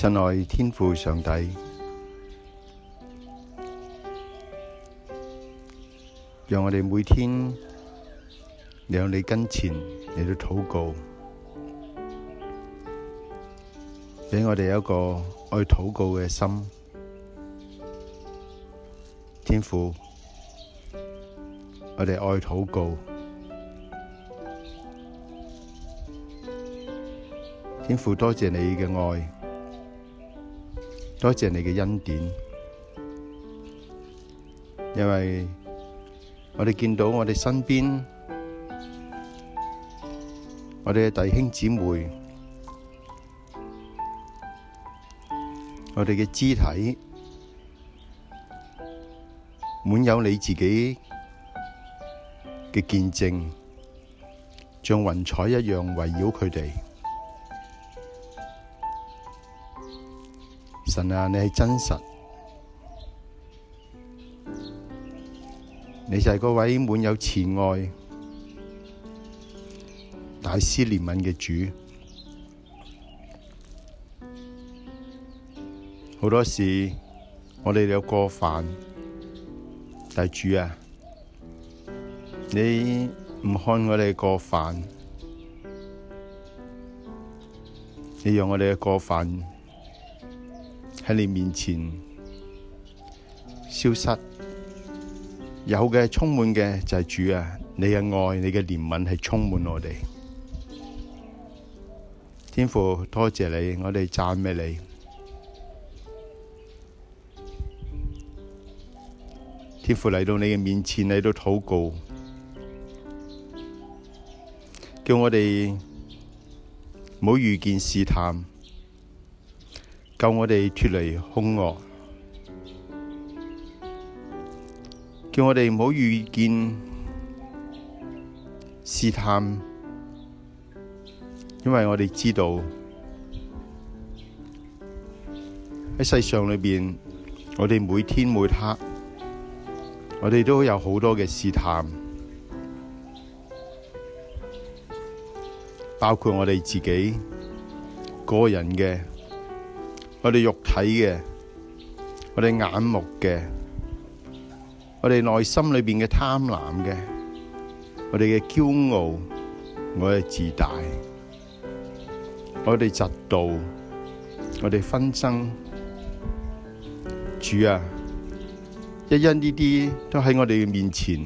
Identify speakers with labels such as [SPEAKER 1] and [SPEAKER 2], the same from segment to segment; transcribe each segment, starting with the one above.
[SPEAKER 1] 親愛天父上帝，讓我哋每天嚟到你跟前禱告，俾我哋一個愛禱告嘅心。天父，我哋愛禱告。天父多謝你嘅愛。多謝你嘅恩典，因為我哋見到我哋身邊，我哋嘅弟兄姊妹，我哋嘅肢體滿有你自己嘅見證，像雲彩一樣圍繞佢哋。神啊，你係真實，你就係嗰位滿有慈愛、大施憐憫嘅主。好多時我哋有過犯，大主啊，你唔看我哋過犯，你讓我哋過犯喺你面前消失，有嘅充滿嘅就係、是、主啊！你嘅愛你嘅憐憫係充滿我哋。天父多謝你，我哋讚美你。天父嚟到你嘅面前喺度禱告，叫我哋唔好遇見試探。救我哋脫離兇惡，叫我哋唔好遇見試探，因為我哋知道喺世上裏面，我哋每天每刻，我哋都有好多嘅試探，包括我哋自己個人嘅。我哋肉體嘅，我哋眼目嘅，我哋內心裏邊嘅貪婪嘅，我哋嘅驕傲，我哋自大，我哋嫉妒，我哋紛爭。主啊，一因呢啲都喺我哋嘅面前，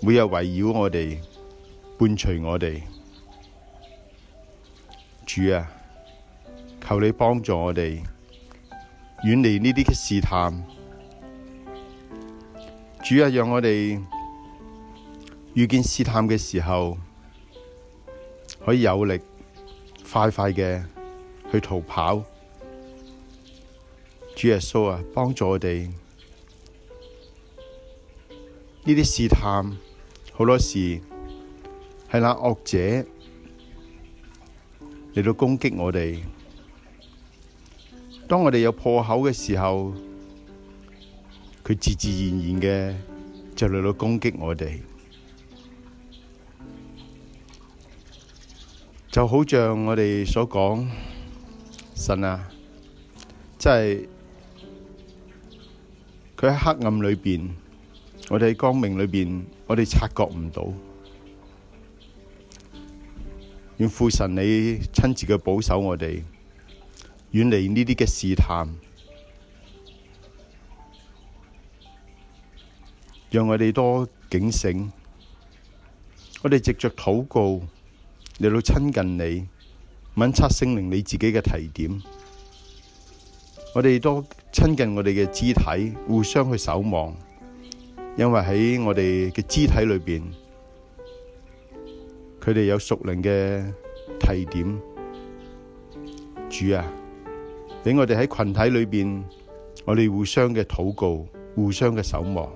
[SPEAKER 1] 每日圍繞我哋，伴隨我哋。主啊！求你幫助我哋遠離呢啲嘅試探，主啊，讓我哋遇見試探嘅時候可以有力、快快嘅去逃跑。主耶穌啊，幫助我哋呢啲試探，好多時係那惡者嚟到攻擊我哋。當我哋有破口嘅時候，佢自自然然嘅就嚟到攻擊我哋，就好像我哋所講，神啊，即係佢喺黑暗裏邊，我哋喺光明裏邊，我哋察覺唔到。願父神你親自嘅保守我哋。遠離呢啲嘅試探，讓我哋多警醒。我哋藉着禱告嚟到親近你，揾察聖靈你自己嘅提點。我哋多親近我哋嘅肢體，互相去守望，因為喺我哋嘅肢體裏邊，佢哋有屬靈嘅提點。主啊！俾我哋喺群體裏邊，我哋互相嘅禱告，互相嘅守望。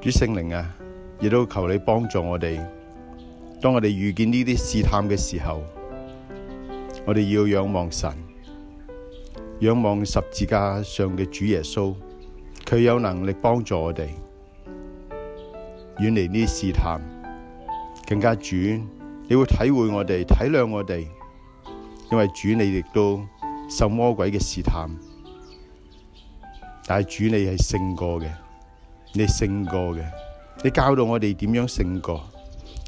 [SPEAKER 1] 主聖靈啊，亦都求你幫助我哋。當我哋遇見呢啲試探嘅時候，我哋要仰望神，仰望十字架上嘅主耶穌，佢有能力幫助我哋遠離呢啲試探，更加主。你會體會我哋，體諒我哋。因為主你亦都受魔鬼嘅試探，但係主你係勝過嘅，你勝過嘅，你教導我哋點樣勝過，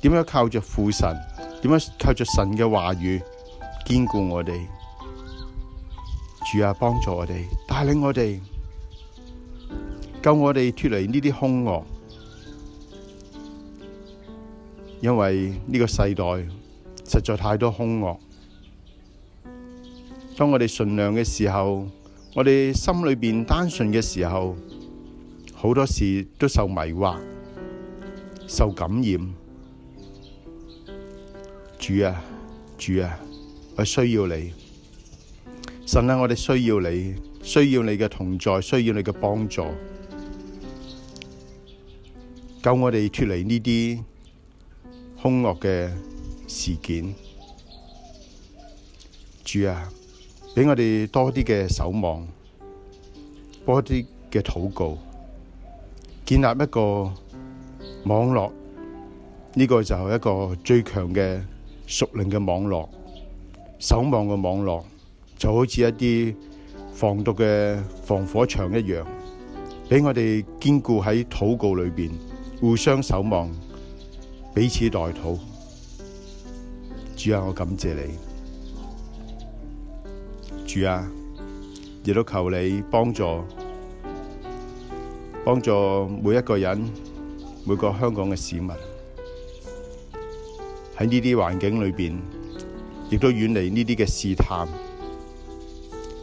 [SPEAKER 1] 點樣靠着父神，點樣靠着神嘅話語，堅固我哋，主啊，幫助我哋，帶領我哋，救我哋脱離呢啲兇惡，因為呢個世代實在太多兇惡。當我哋純良嘅時候，我哋心裏邊單純嘅時候，好多事都受迷惑，受感染。主啊，主啊，我需要你，神啊，我哋需要你，需要你嘅同在，需要你嘅幫助，救我哋脱離呢啲凶惡嘅事件。主啊！俾我哋多啲嘅守望，多啲嘅禱告，建立一個網絡，呢、這個就係一個最強嘅屬靈嘅網絡，守望嘅網絡，就好似一啲防毒嘅防火牆一樣，俾我哋堅固喺禱告裏邊，互相守望，彼此代禱。主啊，我感謝你。住啊！亦都求你幫助，幫助每一個人，每個香港嘅市民喺呢啲環境裏邊，亦都遠離呢啲嘅試探。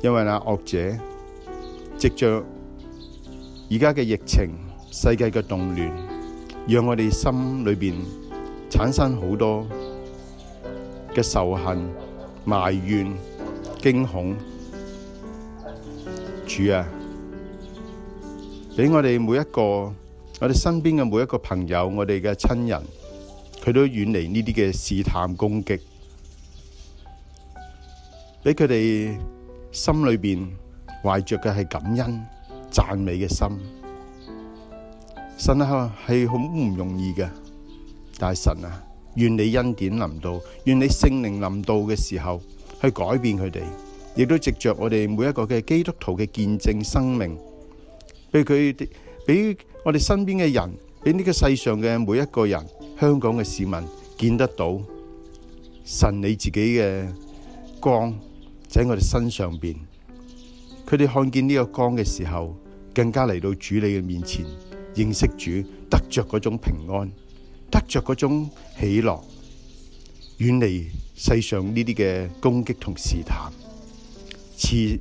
[SPEAKER 1] 因為啊，惡者藉着而家嘅疫情，世界嘅動亂，讓我哋心裏邊產生好多嘅仇恨，埋怨。驚恐，主啊，俾我哋每一個，我哋身邊嘅每一個朋友，我哋嘅親人，佢都遠離呢啲嘅試探攻擊，俾佢哋心裏邊懷着嘅係感恩讚美嘅心。神啊係好唔容易嘅，但係神啊，願你恩典臨到，願你聖靈臨到嘅時候，去改變佢哋，亦都藉著我哋每一個嘅基督徒嘅見證生命，俾佢哋，俾我哋身邊嘅人，俾呢個世上嘅每一個人，香港嘅市民見得到神你自己嘅光喺我哋身上邊。佢哋看見呢個光嘅時候，更加嚟到主你嘅面前，認識主，得著嗰種平安，得著嗰種喜樂。遠離世上呢啲嘅攻擊同試探，賜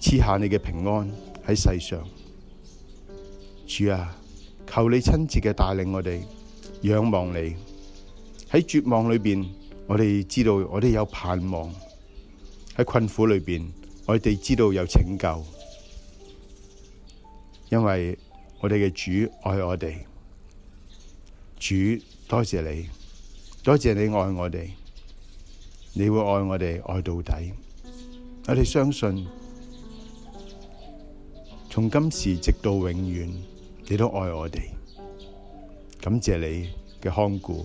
[SPEAKER 1] 賜下你嘅平安喺世上。主啊，求你親切嘅帶領我哋，仰望你。喺絕望裏邊，我哋知道我哋有盼望；喺困苦裏邊，我哋知道有拯救。因為我哋嘅主愛我哋。主，多謝你。多謝你愛我哋，你會愛我哋愛到底。我哋相信從今時直到永遠，你都愛我哋。感謝你嘅看顧，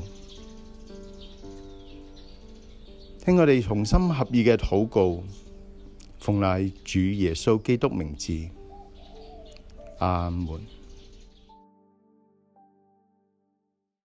[SPEAKER 1] 聽我哋同心合意嘅禱告，奉賴主耶穌基督名字，阿門。